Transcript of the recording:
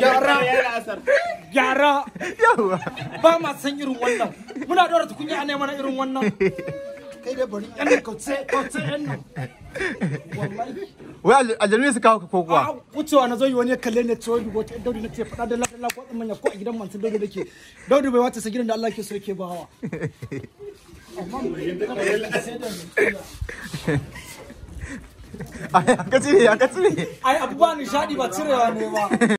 gyara gyara yawa ba ma san irin wannan muna dora tukunya a neman irin wannan kai da bari yan kauce kauce yan nan wai aljanni su kawo ko kuwa wucewa na zo yi wani kalle ne cewa dubo ta daudi na ce faɗa da lafiya ko tsamman ya ko a gidan mansu daudi nake daudi bai wata sa gidan da Allah ke so yake bawa Ai, aka cire, aka cire. Ai, abu ba nishadi ba cirewa ne ba.